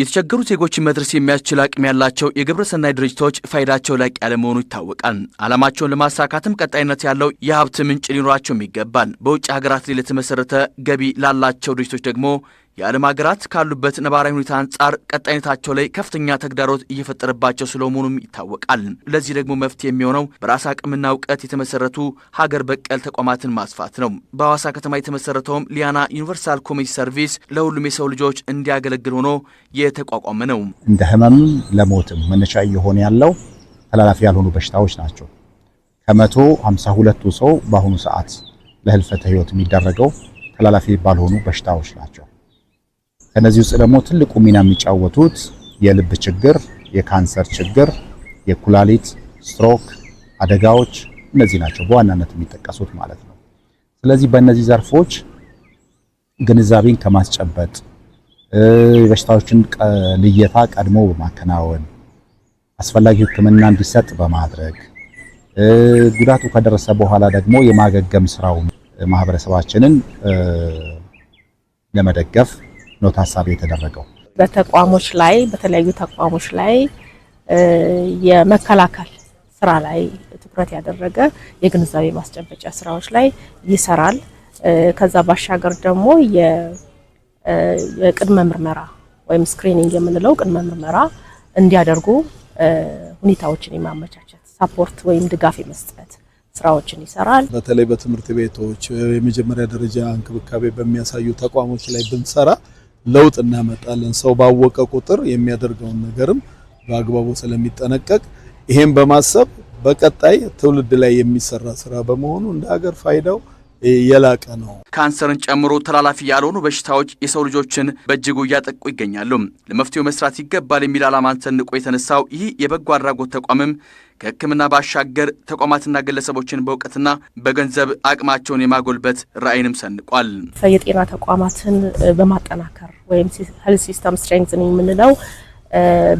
የተቸገሩ ዜጎችን መድረስ የሚያስችል አቅም ያላቸው ሰናይ ድርጅቶች ፋይዳቸው ላቅ ያለ መሆኑ ይታወቃል። ዓላማቸውን ለማሳካትም ቀጣይነት ያለው የሀብት ምንጭ ሊኖራቸውም ይገባል። በውጭ ሀገራት ላይ ለተመሰረተ ገቢ ላላቸው ድርጅቶች ደግሞ የዓለም ሀገራት ካሉበት ነባራዊ ሁኔታ አንጻር ቀጣይነታቸው ላይ ከፍተኛ ተግዳሮት እየፈጠረባቸው ስለመሆኑም ይታወቃል። ለዚህ ደግሞ መፍትሄ የሚሆነው በራስ አቅምና እውቀት የተመሰረቱ ሀገር በቀል ተቋማትን ማስፋት ነው። በሐዋሳ ከተማ የተመሰረተውም ሊያና ዩኒቨርሳል ኮሚኒቲ ሰርቪስ ለሁሉም የሰው ልጆች እንዲያገለግል ሆኖ የተቋቋመ ነው። እንደ ህመምም ለሞትም መነሻ እየሆነ ያለው ተላላፊ ያልሆኑ በሽታዎች ናቸው። ከመቶ ሃምሳ ሁለቱ ሰው በአሁኑ ሰዓት ለህልፈተ ህይወት የሚደረገው ተላላፊ ባልሆኑ በሽታዎች ናቸው። ከነዚህ ውስጥ ደግሞ ትልቁ ሚና የሚጫወቱት የልብ ችግር፣ የካንሰር ችግር፣ የኩላሊት ስትሮክ አደጋዎች እነዚህ ናቸው በዋናነት የሚጠቀሱት ማለት ነው። ስለዚህ በእነዚህ ዘርፎች ግንዛቤን ከማስጨበጥ የበሽታዎችን ልየታ ቀድሞ በማከናወን አስፈላጊ ሕክምና እንዲሰጥ በማድረግ ጉዳቱ ከደረሰ በኋላ ደግሞ የማገገም ስራውን ማህበረሰባችንን ለመደገፍ ነው ታሳቢ የተደረገው። በተቋሞች ላይ በተለያዩ ተቋሞች ላይ የመከላከል ስራ ላይ ትኩረት ያደረገ የግንዛቤ ማስጨበጫ ስራዎች ላይ ይሰራል። ከዛ ባሻገር ደግሞ የቅድመ ምርመራ ወይም ስክሪኒንግ የምንለው ቅድመ ምርመራ እንዲያደርጉ ሁኔታዎችን የማመቻቸት ሳፖርት ወይም ድጋፍ የመስጠት ስራዎችን ይሰራል። በተለይ በትምህርት ቤቶች የመጀመሪያ ደረጃ እንክብካቤ በሚያሳዩ ተቋሞች ላይ ብንሰራ ለውጥ እናመጣለን። ሰው ባወቀ ቁጥር የሚያደርገውን ነገርም በአግባቡ ስለሚጠነቀቅ ይሄን በማሰብ በቀጣይ ትውልድ ላይ የሚሰራ ስራ በመሆኑ እንደ ሀገር ፋይዳው የላቀ ነው። ካንሰርን ጨምሮ ተላላፊ ያልሆኑ በሽታዎች የሰው ልጆችን በእጅጉ እያጠቁ ይገኛሉ። ለመፍትሄው መስራት ይገባል የሚል ዓላማን ሰንቆ የተነሳው ይህ የበጎ አድራጎት ተቋምም ከሕክምና ባሻገር ተቋማትና ግለሰቦችን በእውቀትና በገንዘብ አቅማቸውን የማጎልበት ራዕይንም ሰንቋል። የጤና ተቋማትን በማጠናከር ወይም ሄልዝ ሲስተም ስትሬንግዝን የምንለው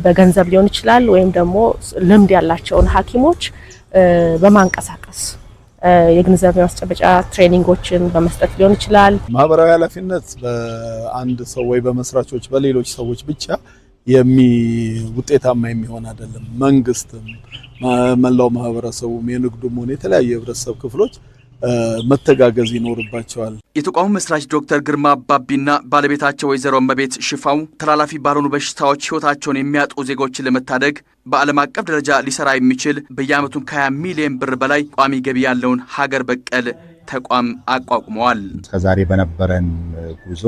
በገንዘብ ሊሆን ይችላል ወይም ደግሞ ልምድ ያላቸውን ሐኪሞች በማንቀሳቀስ የግንዛቤ ማስጨበጫ ትሬኒንጎችን በመስጠት ሊሆን ይችላል። ማህበራዊ ኃላፊነት በአንድ ሰው ወይ በመስራቾች በሌሎች ሰዎች ብቻ ውጤታማ የሚሆን አይደለም። መንግስትም፣ መላው ማህበረሰቡም፣ የንግዱም ሆነ የተለያዩ የህብረተሰብ ክፍሎች መተጋገዝ ይኖርባቸዋል። የተቋሙ መስራች ዶክተር ግርማ አባቢና ባለቤታቸው ወይዘሮ መቤት ሽፋው ተላላፊ ባልሆኑ በሽታዎች ህይወታቸውን የሚያጡ ዜጎችን ለመታደግ በዓለም አቀፍ ደረጃ ሊሰራ የሚችል በየአመቱን ከ20 ሚሊዮን ብር በላይ ቋሚ ገቢ ያለውን ሀገር በቀል ተቋም አቋቁመዋል። እስከዛሬ በነበረን ጉዞ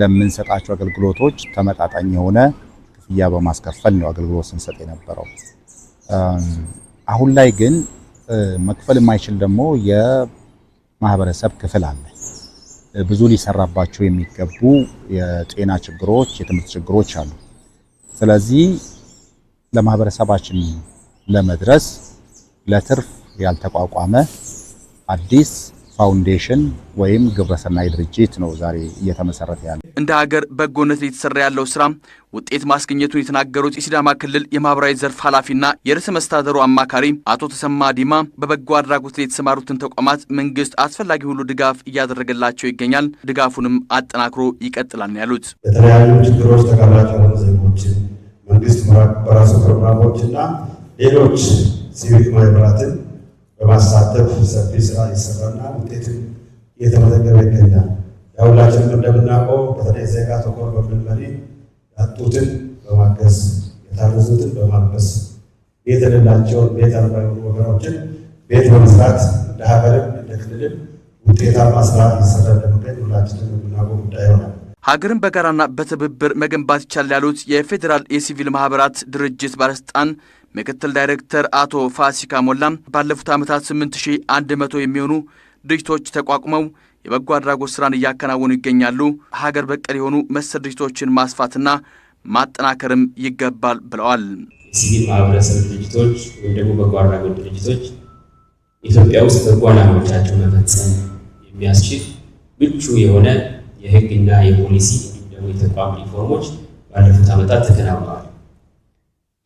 ለምንሰጣቸው አገልግሎቶች ተመጣጣኝ የሆነ ክፍያ በማስከፈል ነው አገልግሎት ስንሰጥ የነበረው። አሁን ላይ ግን መክፈል የማይችል ደግሞ የማህበረሰብ ክፍል አለ። ብዙ ሊሰራባቸው የሚገቡ የጤና ችግሮች፣ የትምህርት ችግሮች አሉ። ስለዚህ ለማህበረሰባችን ለመድረስ ለትርፍ ያልተቋቋመ አዲስ ፋውንዴሽን ወይም ግብረሰናይ ድርጅት ነው ዛሬ እየተመሰረተ ያለ። እንደ ሀገር በጎነት እየተሰራ ያለው ስራ ውጤት ማስገኘቱን የተናገሩት የሲዳማ ክልል የማህበራዊ ዘርፍ ኃላፊና የርዕሰ መስተዳደሩ አማካሪ አቶ ተሰማ ዲማ በበጎ አድራጎት ላይ የተሰማሩትን ተቋማት መንግስት አስፈላጊ ሁሉ ድጋፍ እያደረገላቸው ይገኛል፣ ድጋፉንም አጠናክሮ ይቀጥላል ያሉት የተለያዩ ችግሮች ተጋላጭ የሆኑ ዜጎችን መንግስት በራሱ ፕሮግራሞችና ሌሎች ሲቪክ ማህበራትን በማሳተፍ ሰፊ ስራ ይሰራና ውጤትን እየተመዘገበ ይገኛል። ሁላችንም እንደምናውቀው በተለይ ዜጋ ተኮር በምንመሪ ያጡትን በማገዝ የታረዙትን በማልበስ ቤት የሌላቸውን ቤት አልባ የሆኑ ወገኖችን ቤት በመስራት እንደ ሀገርም እንደ ክልልም ውጤታማ ስራ ይሰራ እንደሚገኝ ሁላችንም የምናውቀው ጉዳይ ይሆናል። ሀገርን በጋራና በትብብር መገንባት ይቻል ያሉት የፌዴራል የሲቪል ማህበራት ድርጅት ባለስልጣን ምክትል ዳይሬክተር አቶ ፋሲካ ሞላም ባለፉት ዓመታት 8100 የሚሆኑ ድርጅቶች ተቋቁመው የበጎ አድራጎት ስራን እያከናወኑ ይገኛሉ። ሀገር በቀል የሆኑ መሰል ድርጅቶችን ማስፋትና ማጠናከርም ይገባል ብለዋል። ሲቪል ማህበረሰብ ድርጅቶች ወይም ደግሞ በጎ አድራጎት ድርጅቶች ኢትዮጵያ ውስጥ በጎ ዓላማዎቻቸው መፈጸም የሚያስችል ምቹ የሆነ የህግና የፖሊሲ እንዲሁም ደግሞ የተቋም ሪፎርሞች ባለፉት ዓመታት ተከናውነዋል።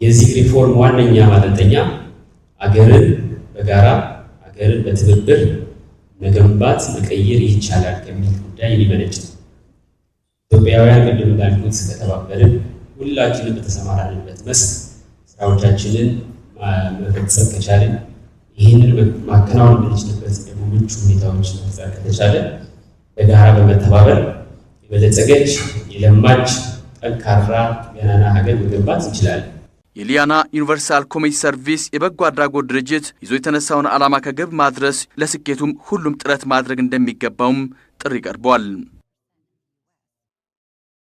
የዚህ ሪፎርም ዋነኛ ማጠንጠኛ አገርን በጋራ አገርን በትብብር መገንባት መቀየር ይቻላል ከሚል ጉዳይ የሚመነጭ ነው። ኢትዮጵያውያን ቅድም እንዳልኩት ከተባበርን ሁላችንም በተሰማራንበት መስክ ስራዎቻችንን መፈጸም ከቻለን ይህንን ማከናወን የምንችልበት ደግሞ ምቹ ሁኔታዎች መፍጠር ከተቻለ በጋራ በመተባበር የበለጸገች የለማች ጠንካራ ገናና ሀገር መገንባት እንችላለን። የሊያና ዩኒቨርሳል ኮሜጅ ሰርቪስ የበጎ አድራጎት ድርጅት ይዞ የተነሳውን ዓላማ ከግብ ማድረስ ለስኬቱም ሁሉም ጥረት ማድረግ እንደሚገባውም ጥሪ ቀርቧል።